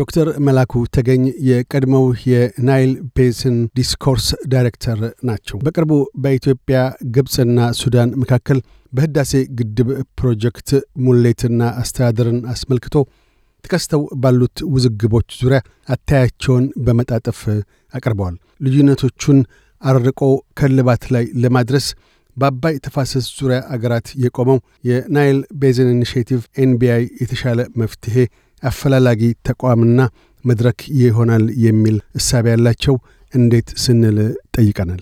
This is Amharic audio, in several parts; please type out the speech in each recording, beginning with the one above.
ዶክተር መላኩ ተገኝ የቀድሞው የናይል ቤዝን ዲስኮርስ ዳይሬክተር ናቸው። በቅርቡ በኢትዮጵያ ግብፅና ሱዳን መካከል በህዳሴ ግድብ ፕሮጀክት ሙሌትና አስተዳደርን አስመልክቶ ተከስተው ባሉት ውዝግቦች ዙሪያ አታያቸውን በመጣጠፍ አቅርበዋል። ልዩነቶቹን አርቆ ከልባት ላይ ለማድረስ በአባይ ተፋሰስ ዙሪያ አገራት የቆመው የናይል ቤዝን ኢኒሽቲቭ ኤንቢአይ የተሻለ መፍትሄ ። አፈላላጊ ተቋምና መድረክ ይሆናል የሚል እሳቢ ያላቸው እንዴት ስንል ጠይቀናል።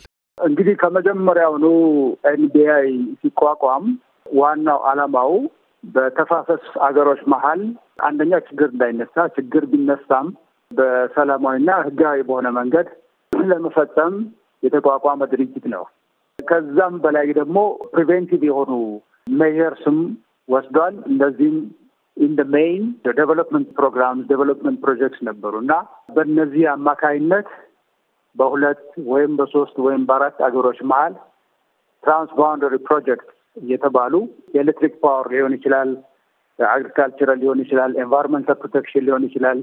እንግዲህ ከመጀመሪያውኑ ኤንቢአይ ሲቋቋም ዋናው ዓላማው በተፋሰስ አገሮች መሀል አንደኛ ችግር እንዳይነሳ፣ ችግር ቢነሳም በሰላማዊና ሕጋዊ በሆነ መንገድ ለመፈጸም የተቋቋመ ድርጅት ነው። ከዛም በላይ ደግሞ ፕሪቬንቲቭ የሆኑ ሜዠርስም ወስዷል። እንደዚህም ኢን ደ ሜይን ዴቨሎፕመንት ፕሮግራም ዴቨሎፕመንት ፕሮጀክትስ ነበሩ እና በእነዚህ አማካይነት በሁለት ወይም በሶስት ወይም በአራት አገሮች መሀል ትራንስባውንደሪ ፕሮጀክት እየተባሉ የኤሌክትሪክ ፓወር ሊሆን ይችላል፣ አግሪካልቸራል ሊሆን ይችላል፣ ኤንቫይሮንመንታል ፕሮቴክሽን ሊሆን ይችላል።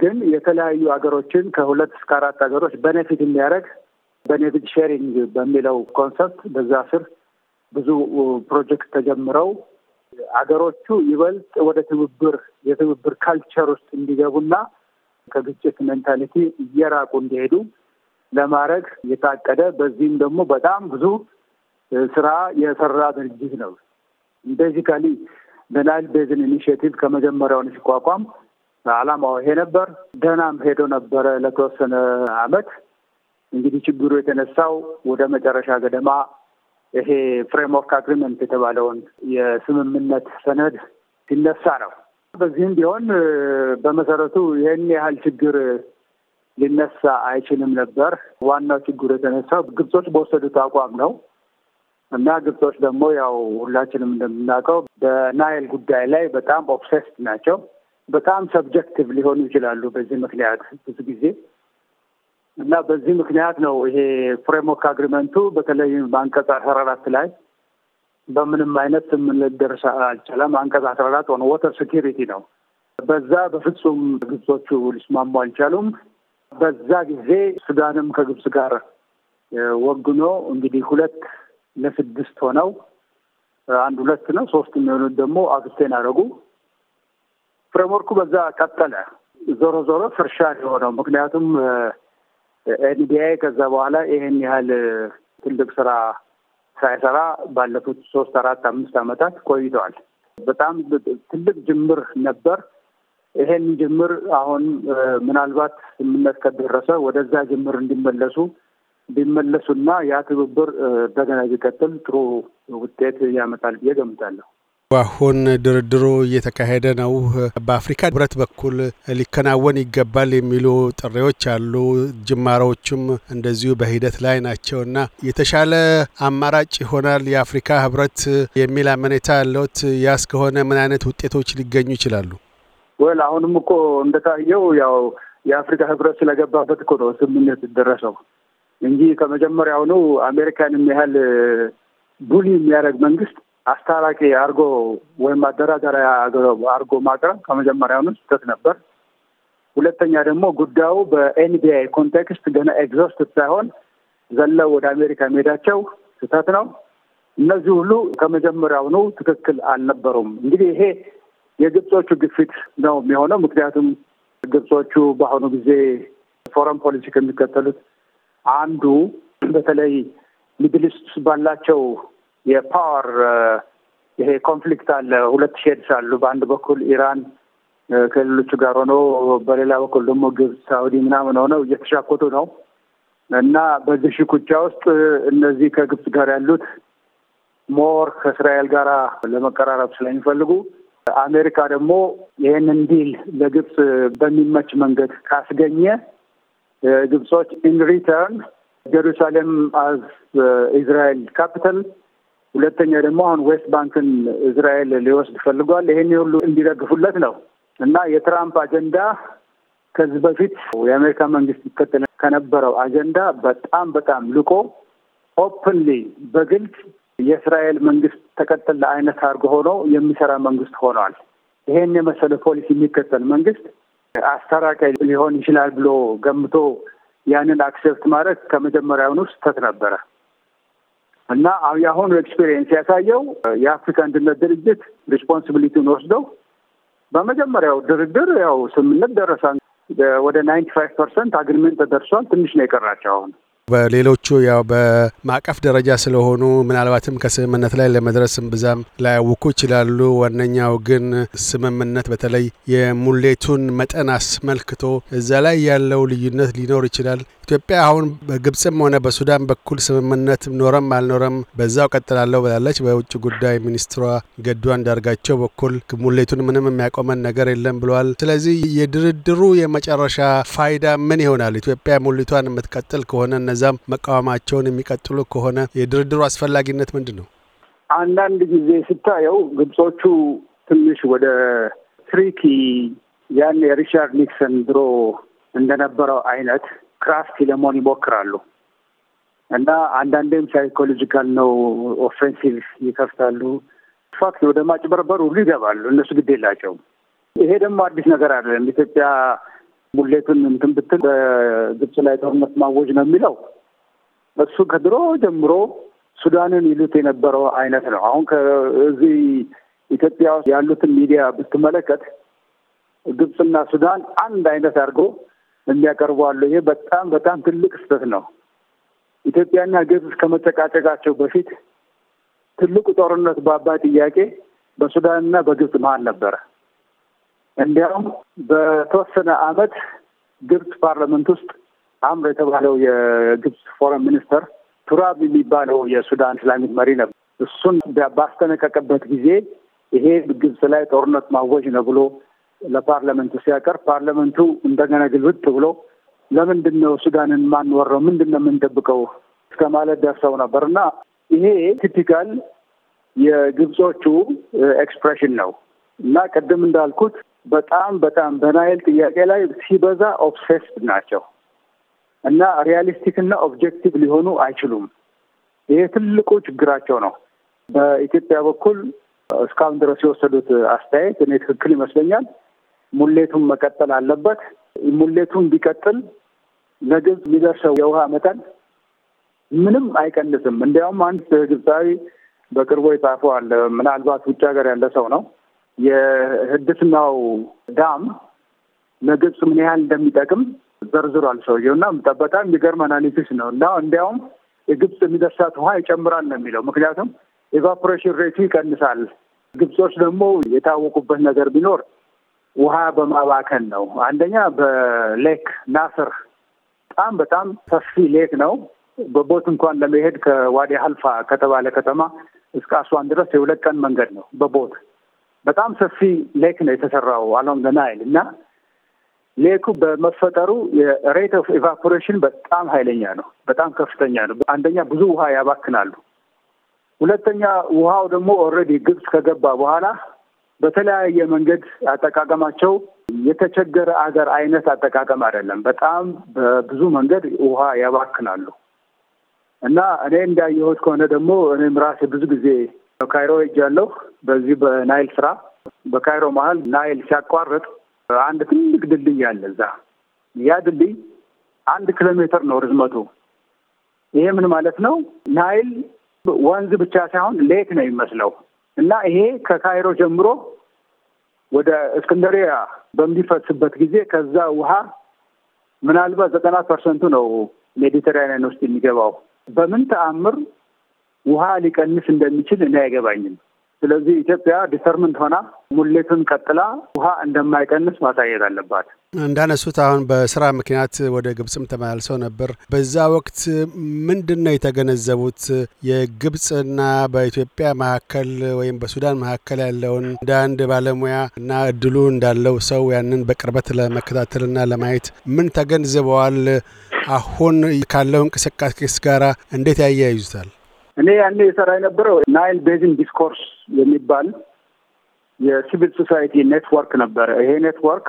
ግን የተለያዩ ሀገሮችን ከሁለት እስከ አራት ሀገሮች በኔፊት የሚያደርግ በኔፊት ሼሪንግ በሚለው ኮንሰፕት በዛ ስር ብዙ ፕሮጀክት ተጀምረው አገሮቹ ይበልጥ ወደ ትብብር የትብብር ካልቸር ውስጥ እንዲገቡና ከግጭት ሜንታሊቲ እየራቁ እንዲሄዱ ለማድረግ የታቀደ በዚህም ደግሞ በጣም ብዙ ስራ የሰራ ድርጅት ነው። ቤዚካሊ በናይል ቤዝን ኢኒሽቲቭ ከመጀመሪያውን ሲቋቋም አላማው ይሄ ነበር። ደህናም ሄዶ ነበረ ለተወሰነ አመት። እንግዲህ ችግሩ የተነሳው ወደ መጨረሻ ገደማ ይሄ ፍሬምወርክ አግሪመንት የተባለውን የስምምነት ሰነድ ሲነሳ ነው። በዚህም ቢሆን በመሰረቱ ይህን ያህል ችግር ሊነሳ አይችልም ነበር። ዋናው ችግር የተነሳው ግብጾች በወሰዱት አቋም ነው እና ግብጾች ደግሞ ያው ሁላችንም እንደምናውቀው በናይል ጉዳይ ላይ በጣም ኦብሴስድ ናቸው። በጣም ሰብጀክቲቭ ሊሆኑ ይችላሉ። በዚህ ምክንያት ብዙ ጊዜ እና በዚህ ምክንያት ነው ይሄ ፍሬምወርክ አግሪመንቱ በተለይ በአንቀጽ አስራ አራት ላይ በምንም አይነት ስምምነት ደርሳ አልቻለም። አንቀጽ አስራ አራት ሆነ ወተር ሴኪሪቲ ነው። በዛ በፍጹም ግብጾቹ ሊስማሙ አልቻሉም። በዛ ጊዜ ሱዳንም ከግብጽ ጋር ወግኖ እንግዲህ ሁለት ለስድስት ሆነው አንድ ሁለት ነው ሶስት የሚሆኑት ደግሞ አግስቴን አደረጉ። ፍሬምወርኩ በዛ ቀጠለ። ዞሮ ዞሮ ፍርሻ የሆነው ምክንያቱም ኤንቢአይ ከዛ በኋላ ይሄን ያህል ትልቅ ስራ ሳይሰራ ባለፉት ሶስት አራት አምስት ዓመታት ቆይተዋል። በጣም ትልቅ ጅምር ነበር። ይሄን ጅምር አሁን ምናልባት ስምምነት ከደረሰ ወደዛ ጅምር እንዲመለሱ ቢመለሱና ያ ትብብር እንደገና ቢቀጥል ጥሩ ውጤት ያመጣል ብዬ ገምታለሁ። አሁን ድርድሩ እየተካሄደ ነው። በአፍሪካ ህብረት በኩል ሊከናወን ይገባል የሚሉ ጥሪዎች አሉ። ጅማሮዎችም እንደዚሁ በሂደት ላይ ናቸው እና የተሻለ አማራጭ ይሆናል የአፍሪካ ህብረት የሚል አመኔታ ያለዎት? ያስ ከሆነ ምን አይነት ውጤቶች ሊገኙ ይችላሉ? ወል አሁንም እኮ እንደታየው ያው የአፍሪካ ህብረት ስለገባበት እኮ ነው ስምምነት ደረሰው እንጂ ከመጀመሪያውኑ አሜሪካንም ያህል ቡሊ የሚያደርግ መንግስት አስታራቂ አርጎ ወይም አደራዳሪያ አርጎ ማቅረብ ከመጀመሪያውኑ ስህተት ነበር። ሁለተኛ ደግሞ ጉዳዩ በኤንቢአይ ኮንቴክስት ገና ኤግዞስት ሳይሆን ዘለው ወደ አሜሪካ መሄዳቸው ስህተት ነው። እነዚህ ሁሉ ከመጀመሪያውኑ ትክክል አልነበሩም። እንግዲህ ይሄ የግብጾቹ ግፊት ነው የሚሆነው። ምክንያቱም ግብጾቹ በአሁኑ ጊዜ ፎረን ፖሊሲ ከሚከተሉት አንዱ በተለይ ሚድልስት ባላቸው የፓወር ይሄ ኮንፍሊክት አለ። ሁለት ሼድስ አሉ። በአንድ በኩል ኢራን ከሌሎቹ ጋር ሆኖ በሌላ በኩል ደግሞ ግብፅ፣ ሳውዲ ምናምን ሆነው እየተሻኮቱ ነው እና በዚህ ሽኩቻ ውስጥ እነዚህ ከግብፅ ጋር ያሉት ሞር ከእስራኤል ጋር ለመቀራረብ ስለሚፈልጉ አሜሪካ ደግሞ ይህንን ዲል ለግብፅ በሚመች መንገድ ካስገኘ ግብጾች ኢን ሪተርን ጀሩሳሌም አዝ ኢዝራኤል ካፒታል ሁለተኛ ደግሞ አሁን ዌስት ባንክን እስራኤል ሊወስድ ፈልጓል። ይሄን ሁሉ እንዲደግፉለት ነው እና የትራምፕ አጀንዳ ከዚህ በፊት የአሜሪካ መንግስት ይከተል ከነበረው አጀንዳ በጣም በጣም ልቆ ኦፕንሊ በግልጽ የእስራኤል መንግስት ተቀጥል አይነት አድርጎ ሆኖ የሚሰራ መንግስት ሆኗል። ይሄን የመሰለ ፖሊሲ የሚከተል መንግስት አስታራቂ ሊሆን ይችላል ብሎ ገምቶ ያንን አክሴፕት ማድረግ ከመጀመሪያውን ውስጥ ተት ነበረ። እና የአሁኑ ኤክስፔሪየንስ ያሳየው የአፍሪካ አንድነት ድርጅት ሪስፖንሲቢሊቲውን ወስደው በመጀመሪያው ድርድር ያው ስምምነት ደረሳ ወደ ናይንቲ ፋይቭ ፐርሰንት አግሪመንት ተደርሷል። ትንሽ ነው የቀራቸው አሁን በሌሎቹ ያው በማዕቀፍ ደረጃ ስለሆኑ ምናልባትም ከስምምነት ላይ ለመድረስ እምብዛም ላያውኩ ይችላሉ። ዋነኛው ግን ስምምነት በተለይ የሙሌቱን መጠን አስመልክቶ እዛ ላይ ያለው ልዩነት ሊኖር ይችላል። ኢትዮጵያ አሁን በግብፅም ሆነ በሱዳን በኩል ስምምነት ኖረም አልኖረም በዛው ቀጥላለሁ ብላለች። በውጭ ጉዳይ ሚኒስትሯ ገዱ አንዳርጋቸው በኩል ሙሌቱን ምንም የሚያቆመን ነገር የለም ብለዋል። ስለዚህ የድርድሩ የመጨረሻ ፋይዳ ምን ይሆናል? ኢትዮጵያ ሙሌቷን የምትቀጥል ከሆነ እነዚህ እምብዛም መቃወማቸውን የሚቀጥሉ ከሆነ የድርድሩ አስፈላጊነት ምንድን ነው? አንዳንድ ጊዜ ስታየው ግብጾቹ ትንሽ ወደ ትሪኪ ያን የሪቻርድ ኒክሰን ድሮ እንደነበረው አይነት ክራፍቲ ለመሆን ይሞክራሉ እና አንዳንዴም ሳይኮሎጂካል ነው፣ ኦፌንሲቭ ይከፍታሉ። ፋክት ወደ ማጭበርበሩ ሁሉ ይገባሉ። እነሱ ግድ የላቸውም። ይሄ ደግሞ አዲስ ነገር አይደለም። ኢትዮጵያ ሙሌቱን እንትን ብትል በግብጽ ላይ ጦርነት ማወጅ ነው የሚለው እሱ ከድሮ ጀምሮ ሱዳንን ይሉት የነበረው አይነት ነው። አሁን ከዚህ ኢትዮጵያ ውስጥ ያሉትን ሚዲያ ብትመለከት ግብጽና ሱዳን አንድ አይነት አድርገው የሚያቀርቡ አሉ። ይሄ በጣም በጣም ትልቅ ስህተት ነው። ኢትዮጵያና ግብፅ ከመጨቃጨቃቸው በፊት ትልቁ ጦርነት በአባይ ጥያቄ በሱዳንና በግብጽ መሀል ነበረ። እንዲያውም በተወሰነ አመት ግብፅ ፓርላመንት ውስጥ አምር የተባለው የግብፅ ፎረን ሚኒስተር ቱራብ የሚባለው የሱዳን እስላሚክ መሪ ነበር። እሱን ባስጠነቀቀበት ጊዜ ይሄ ግብጽ ላይ ጦርነት ማወጅ ነው ብሎ ለፓርላመንቱ ሲያቀርብ ፓርላመንቱ እንደገና ግልብጥ ብሎ ለምንድን ነው ሱዳንን ማንወረው? ምንድን ነው የምንደብቀው? እስከ ማለት ደርሰው ነበር እና ይሄ ቲፒካል የግብጾቹ ኤክስፕሬሽን ነው እና ቅድም እንዳልኩት በጣም በጣም በናይል ጥያቄ ላይ ሲበዛ ኦብሴስድ ናቸው እና ሪያሊስቲክ እና ኦብጀክቲቭ ሊሆኑ አይችሉም። ይሄ ትልቁ ችግራቸው ነው። በኢትዮጵያ በኩል እስካሁን ድረስ የወሰዱት አስተያየት እኔ ትክክል ይመስለኛል። ሙሌቱን መቀጠል አለበት። ሙሌቱን ቢቀጥል ለግብፅ የሚደርሰው የውሃ መጠን ምንም አይቀንስም። እንዲያውም አንድ ግብፃዊ በቅርቡ የጻፈው አለ። ምናልባት ውጭ ሀገር ያለ ሰው ነው የህድፍናው ዳም ለግብጽ ምን ያህል እንደሚጠቅም ዘርዝሯል ሰውየው እና በጣም የሚገርም አናሊሲስ ነው እና እንዲያውም የግብፅ የሚደርሳት ውሃ ይጨምራል ነው የሚለው። ምክንያቱም ኤቫፖሬሽን ሬቱ ይቀንሳል። ግብጾች ደግሞ የታወቁበት ነገር ቢኖር ውሃ በማባከን ነው። አንደኛ በሌክ ናስር በጣም በጣም ሰፊ ሌክ ነው። በቦት እንኳን ለመሄድ ከዋዲ ሀልፋ ከተባለ ከተማ እስከ አስዋን ድረስ የሁለት ቀን መንገድ ነው በቦት በጣም ሰፊ ሌክ ነው የተሰራው አሎንግ ናይል እና ሌኩ በመፈጠሩ የሬት ኦፍ ኢቫፖሬሽን በጣም ኃይለኛ ነው፣ በጣም ከፍተኛ ነው። አንደኛ ብዙ ውሃ ያባክናሉ። ሁለተኛ ውሃው ደግሞ ኦልሬዲ ግብፅ ከገባ በኋላ በተለያየ መንገድ አጠቃቀማቸው የተቸገረ አገር አይነት አጠቃቀም አይደለም። በጣም በብዙ መንገድ ውሃ ያባክናሉ እና እኔ እንዳየሁት ከሆነ ደግሞ እኔም ራሴ ብዙ ጊዜ ካይሮ ሄጃለሁ። በዚህ በናይል ስራ በካይሮ መሀል ናይል ሲያቋርጥ አንድ ትልቅ ድልድይ አለ እዛ። ያ ድልድይ አንድ ኪሎ ሜትር ነው ርዝመቱ። ይሄ ምን ማለት ነው? ናይል ወንዝ ብቻ ሳይሆን ሌክ ነው የሚመስለው እና ይሄ ከካይሮ ጀምሮ ወደ እስክንደሪያ በሚፈስበት ጊዜ ከዛ ውሃ ምናልባት ዘጠና ፐርሰንቱ ነው ሜዲተራኒያን ውስጥ የሚገባው። በምን ተአምር ውሃ ሊቀንስ እንደሚችል እኔ አይገባኝም። ስለዚህ ኢትዮጵያ ዲተርምንት ሆና ሙሌቱን ቀጥላ ውሃ እንደማይቀንስ ማሳየት አለባት። እንዳነሱት አሁን በስራ ምክንያት ወደ ግብፅም ተመላልሰው ነበር። በዛ ወቅት ምንድን ነው የተገነዘቡት? የግብፅና በኢትዮጵያ መካከል ወይም በሱዳን መካከል ያለውን እንደ አንድ ባለሙያ እና እድሉ እንዳለው ሰው ያንን በቅርበት ለመከታተልና ለማየት ምን ተገንዝበዋል? አሁን ካለው እንቅስቃሴ ጋራ እንዴት ያያይዙታል? እኔ ያኔ የሰራ የነበረው ናይል ቤዝን ዲስኮርስ የሚባል የሲቪል ሶሳይቲ ኔትወርክ ነበረ። ይሄ ኔትወርክ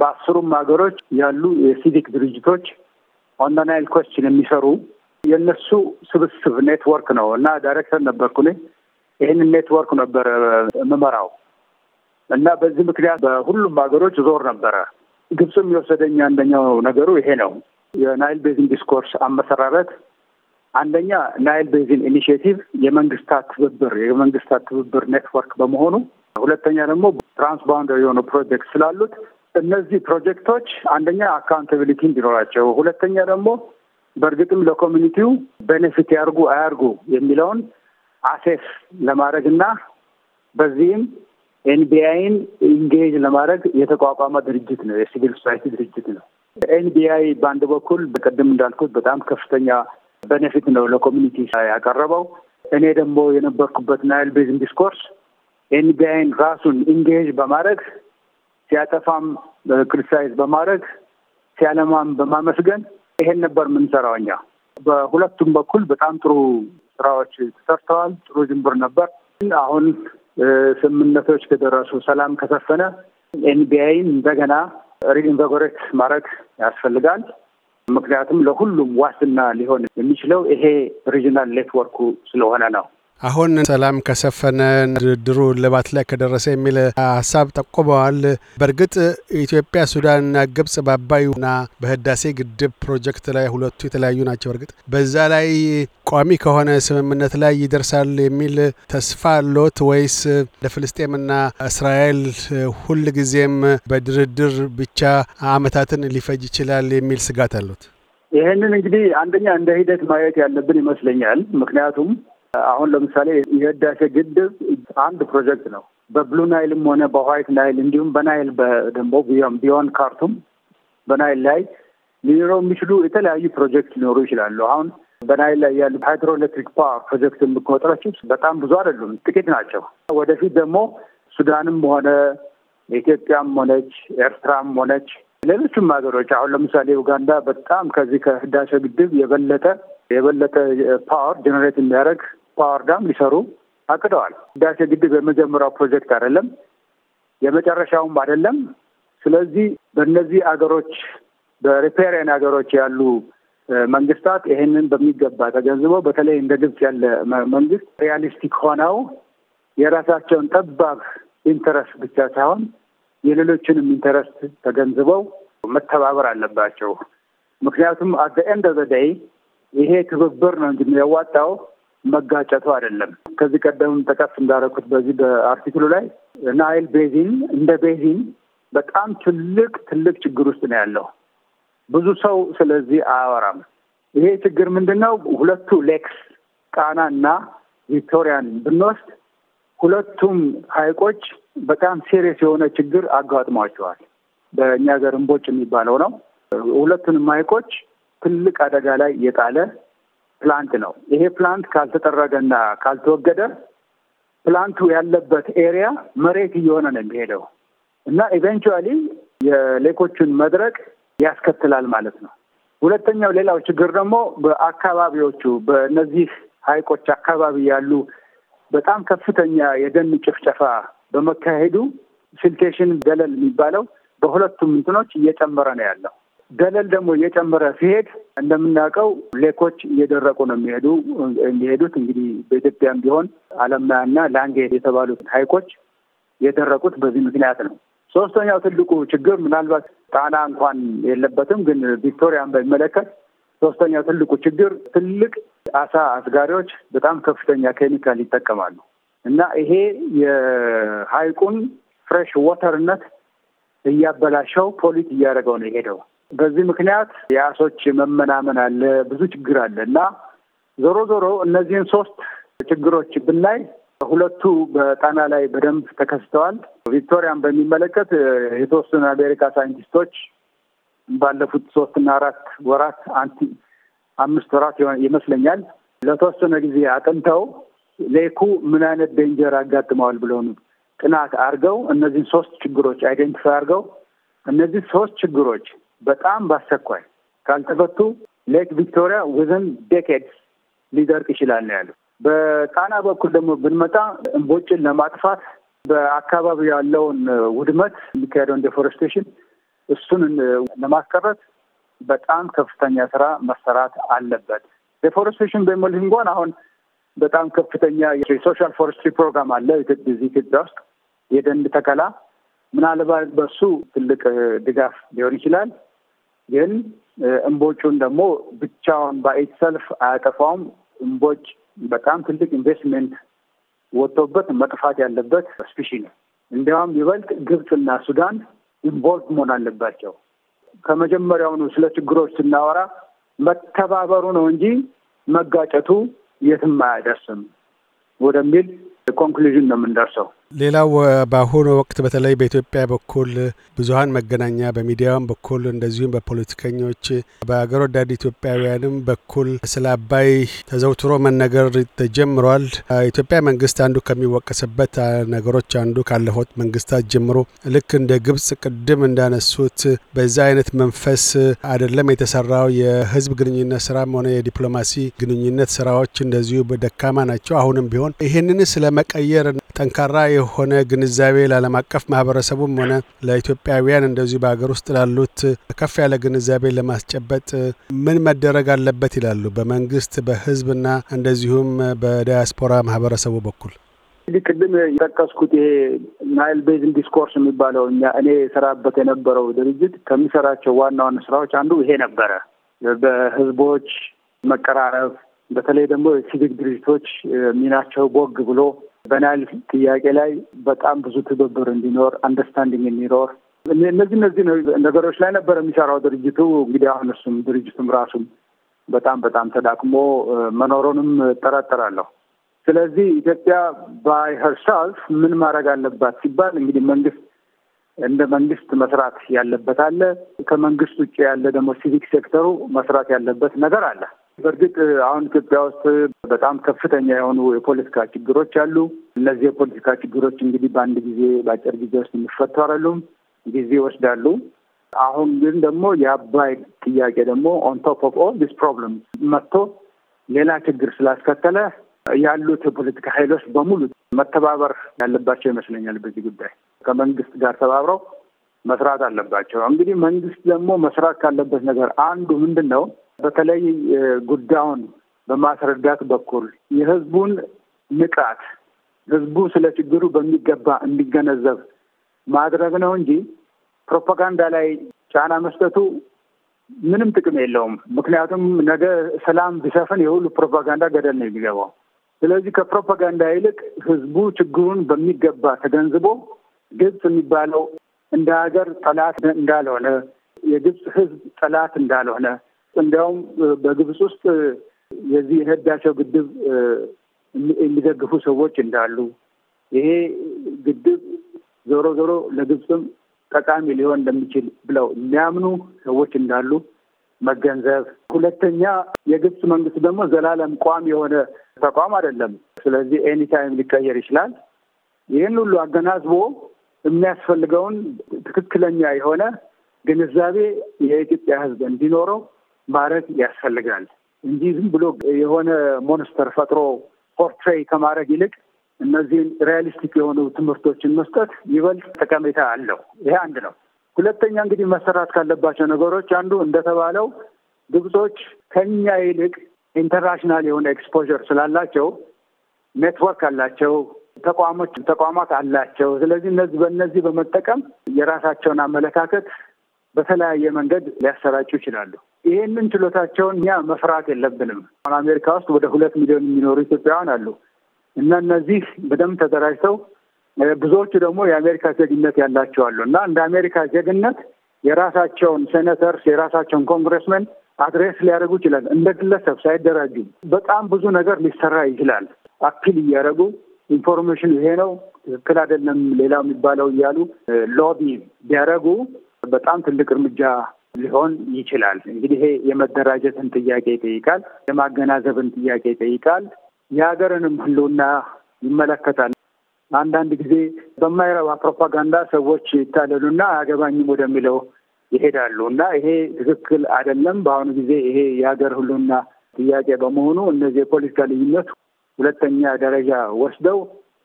በአስሩም ሀገሮች ያሉ የሲቪክ ድርጅቶች ኦን ናይል ኮስችን የሚሰሩ የእነሱ ስብስብ ኔትወርክ ነው እና ዳይሬክተር ነበርኩ እኔ። ይህንን ኔትወርክ ነበረ የምመራው እና በዚህ ምክንያት በሁሉም ሀገሮች ዞር ነበረ። ግብፅም የወሰደኝ አንደኛው ነገሩ ይሄ ነው። የናይል ቤዝን ዲስኮርስ አመሰራረት አንደኛ ናይል ቤዚን ኢኒሽቲቭ የመንግስታት ትብብር የመንግስታት ትብብር ኔትወርክ በመሆኑ፣ ሁለተኛ ደግሞ ትራንስባውንደሪ የሆኑ ፕሮጀክት ስላሉት እነዚህ ፕሮጀክቶች አንደኛ አካውንታቢሊቲ እንዲኖራቸው፣ ሁለተኛ ደግሞ በእርግጥም ለኮሚኒቲው ቤኔፊት ያርጉ አያርጉ የሚለውን አሴስ ለማድረግ እና በዚህም ኤንቢአይን ኢንጌጅ ለማድረግ የተቋቋመ ድርጅት ነው። የሲቪል ሶሳይቲ ድርጅት ነው። ኤንቢአይ በአንድ በኩል በቀደም እንዳልኩት በጣም ከፍተኛ በነፊት ነው ለኮሚኒቲ ያቀረበው። እኔ ደግሞ የነበርኩበት ናይል ቤዝን ዲስኮርስ ኤንቢአይን ራሱን ኢንጌጅ በማድረግ ሲያጠፋም ክሪቲሳይዝ በማድረግ ሲያለማም በማመስገን ይሄን ነበር የምንሰራው እኛ። በሁለቱም በኩል በጣም ጥሩ ስራዎች ተሰርተዋል። ጥሩ ጅምብር ነበር። አሁን ስምምነቶች ከደረሱ ሰላም ከሰፈነ ኤንቢአይን እንደገና ሪኢንቨጎሬት ማድረግ ያስፈልጋል። ምክንያቱም ለሁሉም ዋስትና ሊሆን የሚችለው ይሄ ሪጅናል ኔትወርኩ ስለሆነ ነው። አሁን ሰላም ከሰፈነ ድርድሩ ልባት ላይ ከደረሰ የሚል ሀሳብ ጠቁመዋል። በእርግጥ ኢትዮጵያ፣ ሱዳንና ግብጽ በአባይና በህዳሴ ግድብ ፕሮጀክት ላይ ሁለቱ የተለያዩ ናቸው። እርግጥ በዛ ላይ ቋሚ ከሆነ ስምምነት ላይ ይደርሳል የሚል ተስፋ አሎት ወይስ ለፍልስጤምና እስራኤል ሁል ጊዜም በድርድር ብቻ አመታትን ሊፈጅ ይችላል የሚል ስጋት አሎት? ይህንን እንግዲህ አንደኛ እንደ ሂደት ማየት ያለብን ይመስለኛል። ምክንያቱም አሁን ለምሳሌ የህዳሴ ግድብ አንድ ፕሮጀክት ነው። በብሉ ናይልም ሆነ በዋይት ናይል እንዲሁም በናይል በደንቦ ቢዮንድ ካርቱም በናይል ላይ ሊኖረው የሚችሉ የተለያዩ ፕሮጀክት ሊኖሩ ይችላሉ። አሁን በናይል ላይ ያሉ ሃይድሮ ኤሌክትሪክ ፓወር ፕሮጀክት የምትቆጥራቸው በጣም ብዙ አይደሉም፣ ጥቂት ናቸው። ወደፊት ደግሞ ሱዳንም ሆነ ኢትዮጵያም ሆነች ኤርትራም ሆነች ሌሎችም ሀገሮች አሁን ለምሳሌ ኡጋንዳ በጣም ከዚህ ከህዳሴ ግድብ የበለጠ የበለጠ ፓወር ጀኔሬት የሚያደርግ ፓወር ዳም ሊሰሩ አቅደዋል። ህዳሴ ግድብ የመጀመሪያው ፕሮጀክት አይደለም፣ የመጨረሻውም አይደለም። ስለዚህ በእነዚህ አገሮች በሪፔሪያን ሀገሮች ያሉ መንግስታት ይህንን በሚገባ ተገንዝበው በተለይ እንደ ግብጽ ያለ መንግስት ሪያሊስቲክ ሆነው የራሳቸውን ጠባብ ኢንተረስት ብቻ ሳይሆን የሌሎችንም ኢንተረስት ተገንዝበው መተባበር አለባቸው። ምክንያቱም አት ኤንድ ኦፍ ዘ ደይ ይሄ ትብብር ነው እንጂ የሚያዋጣው መጋጨቱ አይደለም። ከዚህ ቀደም ጠቀስ እንዳደረኩት በዚህ በአርቲክሉ ላይ ናይል ቤዚን እንደ ቤዚን በጣም ትልቅ ትልቅ ችግር ውስጥ ነው ያለው። ብዙ ሰው ስለዚህ አያወራም። ይሄ ችግር ምንድን ነው? ሁለቱ ሌክስ ቃና እና ቪክቶሪያን ብንወስድ ሁለቱም ሐይቆች በጣም ሴሪየስ የሆነ ችግር አጋጥሟቸዋል። በእኛ ሀገር እምቦጭ የሚባለው ነው። ሁለቱንም ሐይቆች ትልቅ አደጋ ላይ የጣለ ፕላንት ነው። ይሄ ፕላንት ካልተጠረገና ካልተወገደ ፕላንቱ ያለበት ኤሪያ መሬት እየሆነ ነው የሚሄደው እና ኢቨንቹዋሊ የሌኮቹን መድረቅ ያስከትላል ማለት ነው። ሁለተኛው ሌላው ችግር ደግሞ በአካባቢዎቹ በእነዚህ ሀይቆች አካባቢ ያሉ በጣም ከፍተኛ የደን ጭፍጨፋ በመካሄዱ ሲልቴሽን ገለል የሚባለው በሁለቱም እንትኖች እየጨመረ ነው ያለው ደለል ደግሞ እየጨመረ ሲሄድ እንደምናውቀው ሌኮች እየደረቁ ነው የሚሄዱ የሚሄዱት እንግዲህ በኢትዮጵያም ቢሆን አለማያና ላንጌ የተባሉት ሀይቆች የደረቁት በዚህ ምክንያት ነው። ሶስተኛው ትልቁ ችግር ምናልባት ጣና እንኳን የለበትም፣ ግን ቪክቶሪያን በሚመለከት ሶስተኛው ትልቁ ችግር ትልቅ አሳ አስጋሪዎች በጣም ከፍተኛ ኬሚካል ይጠቀማሉ እና ይሄ የሀይቁን ፍሬሽ ወተርነት እያበላሸው ፖሊት እያደረገው ነው የሄደው። በዚህ ምክንያት የአሶች መመናመን አለ፣ ብዙ ችግር አለ እና ዞሮ ዞሮ እነዚህን ሶስት ችግሮች ብናይ ሁለቱ በጣና ላይ በደንብ ተከስተዋል። ቪክቶሪያን በሚመለከት የተወሰኑ አሜሪካ ሳይንቲስቶች ባለፉት ሶስትና አራት ወራት አንቲ አምስት ወራት ይመስለኛል ለተወሰነ ጊዜ አጥንተው ሌኩ ምን አይነት ዴንጀር አጋጥመዋል ብለው ጥናት አድርገው እነዚህን ሶስት ችግሮች አይዴንቲፋይ አድርገው እነዚህ ሶስት ችግሮች በጣም በአስቸኳይ ካልተፈቱ ሌክ ቪክቶሪያ ውዝን ዴኬድስ ሊደርቅ ይችላል ነው ያሉ። በጣና በኩል ደግሞ ብንመጣ እንቦጭን ለማጥፋት በአካባቢው ያለውን ውድመት የሚካሄደውን ዴፎረስቴሽን እሱን ለማስቀረት በጣም ከፍተኛ ስራ መሰራት አለበት። ዴፎረስቴሽን በሚልህ እንኳን አሁን በጣም ከፍተኛ የሶሻል ፎረስትሪ ፕሮግራም አለ እዚህ ኢትዮጵያ ውስጥ የደን ተከላ ምናልባት በሱ ትልቅ ድጋፍ ሊሆን ይችላል። ግን እምቦጩን ደግሞ ብቻውን ባኤት ሰልፍ አያጠፋውም። እምቦጭ በጣም ትልቅ ኢንቨስትሜንት ወጥቶበት መጥፋት ያለበት ስፒሺ ነው። እንዲያውም ይበልጥ ግብፅና ሱዳን ኢንቮልቭ መሆን አለባቸው። ከመጀመሪያውኑ ስለ ችግሮች ስናወራ መተባበሩ ነው እንጂ መጋጨቱ የትም አያደርስም ወደሚል ኮንክሉዥን ነው የምንደርሰው። ሌላው በአሁኑ ወቅት በተለይ በኢትዮጵያ በኩል ብዙሀን መገናኛ በሚዲያውም በኩል እንደዚሁም በፖለቲከኞች በአገር ወዳድ ኢትዮጵያውያንም በኩል ስለ አባይ ተዘውትሮ መነገር ተጀምሯል። ኢትዮጵያ መንግስት አንዱ ከሚወቀስበት ነገሮች አንዱ ካለፉት መንግስታት ጀምሮ ልክ እንደ ግብጽ ቅድም እንዳነሱት በዛ አይነት መንፈስ አይደለም የተሰራው። የህዝብ ግንኙነት ስራም ሆነ የዲፕሎማሲ ግንኙነት ስራዎች እንደዚሁ ደካማ ናቸው አሁንም ቢሆን ይህንን ስለ ለመቀየር ጠንካራ የሆነ ግንዛቤ ለዓለም አቀፍ ማህበረሰቡም ሆነ ለኢትዮጵያውያን እንደዚሁ በሀገር ውስጥ ላሉት ከፍ ያለ ግንዛቤ ለማስጨበጥ ምን መደረግ አለበት ይላሉ? በመንግስት በህዝብና እንደዚሁም በዳያስፖራ ማህበረሰቡ በኩል እንግዲህ ቅድም የጠቀስኩት ይሄ ናይል ቤዝን ዲስኮርስ የሚባለው እኛ እኔ የሰራበት የነበረው ድርጅት ከሚሰራቸው ዋና ዋና ስራዎች አንዱ ይሄ ነበረ። በህዝቦች መቀራረብ በተለይ ደግሞ የሲቪክ ድርጅቶች ሚናቸው ቦግ ብሎ በናይል ጥያቄ ላይ በጣም ብዙ ትብብር እንዲኖር አንደርስታንዲንግ እንዲኖር እነዚህ እነዚህ ነገሮች ላይ ነበር የሚሰራው ድርጅቱ። እንግዲህ አሁን እሱም ድርጅቱም ራሱም በጣም በጣም ተዳክሞ መኖሩንም እጠራጠራለሁ። ስለዚህ ኢትዮጵያ ባይ ሄርሰልፍ ምን ማድረግ አለባት ሲባል እንግዲህ መንግስት እንደ መንግስት መስራት ያለበት አለ። ከመንግስት ውጭ ያለ ደግሞ ሲቪክ ሴክተሩ መስራት ያለበት ነገር አለ። በእርግጥ አሁን ኢትዮጵያ ውስጥ በጣም ከፍተኛ የሆኑ የፖለቲካ ችግሮች አሉ። እነዚህ የፖለቲካ ችግሮች እንግዲህ በአንድ ጊዜ በአጭር ጊዜ ውስጥ የሚፈቱ አይደሉም፣ ጊዜ ይወስዳሉ። አሁን ግን ደግሞ የአባይ ጥያቄ ደግሞ ኦን ቶፕ ኦፍ ኦል ዲስ ፕሮብለም መጥቶ ሌላ ችግር ስላስከተለ ያሉት የፖለቲካ ኃይሎች በሙሉ መተባበር ያለባቸው ይመስለኛል። በዚህ ጉዳይ ከመንግስት ጋር ተባብረው መስራት አለባቸው። እንግዲህ መንግስት ደግሞ መስራት ካለበት ነገር አንዱ ምንድን ነው? በተለይ ጉዳዩን በማስረዳት በኩል የህዝቡን ንቃት ህዝቡ ስለ ችግሩ በሚገባ እንዲገነዘብ ማድረግ ነው እንጂ ፕሮፓጋንዳ ላይ ጫና መስጠቱ ምንም ጥቅም የለውም። ምክንያቱም ነገ ሰላም ቢሰፍን የሁሉ ፕሮፓጋንዳ ገደል ነው የሚገባው። ስለዚህ ከፕሮፓጋንዳ ይልቅ ህዝቡ ችግሩን በሚገባ ተገንዝቦ ግብፅ የሚባለው እንደ ሀገር ጠላት እንዳልሆነ የግብጽ ህዝብ ጠላት እንዳልሆነ እንዲያውም በግብፅ ውስጥ የዚህ የህዳሴው ግድብ የሚደግፉ ሰዎች እንዳሉ ይሄ ግድብ ዞሮ ዞሮ ለግብፅም ጠቃሚ ሊሆን እንደሚችል ብለው የሚያምኑ ሰዎች እንዳሉ መገንዘብ። ሁለተኛ የግብፅ መንግስት ደግሞ ዘላለም ቋሚ የሆነ ተቋም አይደለም። ስለዚህ ኤኒታይም ሊቀየር ይችላል። ይህን ሁሉ አገናዝቦ የሚያስፈልገውን ትክክለኛ የሆነ ግንዛቤ የኢትዮጵያ ሕዝብ እንዲኖረው ማድረግ ያስፈልጋል እንጂ ዝም ብሎ የሆነ ሞንስተር ፈጥሮ ፖርትሬይ ከማድረግ ይልቅ እነዚህን ሪያሊስቲክ የሆኑ ትምህርቶችን መስጠት ይበልጥ ጠቀሜታ አለው። ይሄ አንድ ነው። ሁለተኛ እንግዲህ መሰራት ካለባቸው ነገሮች አንዱ እንደተባለው ግብጾች ከኛ ይልቅ ኢንተርናሽናል የሆነ ኤክስፖር ስላላቸው ኔትወርክ አላቸው፣ ተቋሞች ተቋማት አላቸው። ስለዚህ እነዚህ በእነዚህ በመጠቀም የራሳቸውን አመለካከት በተለያየ መንገድ ሊያሰራጩ ይችላሉ። ይሄንን ችሎታቸውን እኛ መፍራት የለብንም። አሁን አሜሪካ ውስጥ ወደ ሁለት ሚሊዮን የሚኖሩ ኢትዮጵያውያን አሉ እና እነዚህ በደንብ ተደራጅተው ብዙዎቹ ደግሞ የአሜሪካ ዜግነት ያላቸው አሉ እና እንደ አሜሪካ ዜግነት የራሳቸውን ሴኔተርስ የራሳቸውን ኮንግረስመን አድሬስ ሊያደርጉ ይችላል። እንደ ግለሰብ ሳይደራጁ በጣም ብዙ ነገር ሊሰራ ይችላል። አፒል እያደረጉ ኢንፎርሜሽን ይሄ ነው ትክክል አይደለም፣ ሌላው የሚባለው እያሉ ሎቢ ቢያደረጉ በጣም ትልቅ እርምጃ ሊሆን ይችላል። እንግዲህ ይሄ የመደራጀትን ጥያቄ ይጠይቃል፣ የማገናዘብን ጥያቄ ይጠይቃል፣ የሀገርንም ህልውና ይመለከታል። አንዳንድ ጊዜ በማይረባ ፕሮፓጋንዳ ሰዎች ይታለሉና አያገባኝም ወደሚለው ይሄዳሉ እና ይሄ ትክክል አይደለም። በአሁኑ ጊዜ ይሄ የሀገር ህልውና ጥያቄ በመሆኑ እነዚህ የፖለቲካ ልዩነት ሁለተኛ ደረጃ ወስደው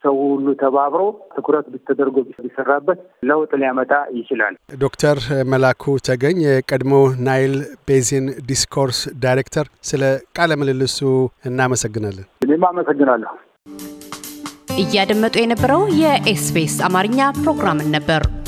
ሰው ሁሉ ተባብሮ ትኩረት ተደርጎ ቢሰራበት ለውጥ ሊያመጣ ይችላል። ዶክተር መላኩ ተገኝ የቀድሞ ናይል ቤዚን ዲስኮርስ ዳይሬክተር፣ ስለ ቃለ ምልልሱ እናመሰግናለን። እኔም አመሰግናለሁ። እያደመጡ የነበረው የኤስቢኤስ አማርኛ ፕሮግራምን ነበር።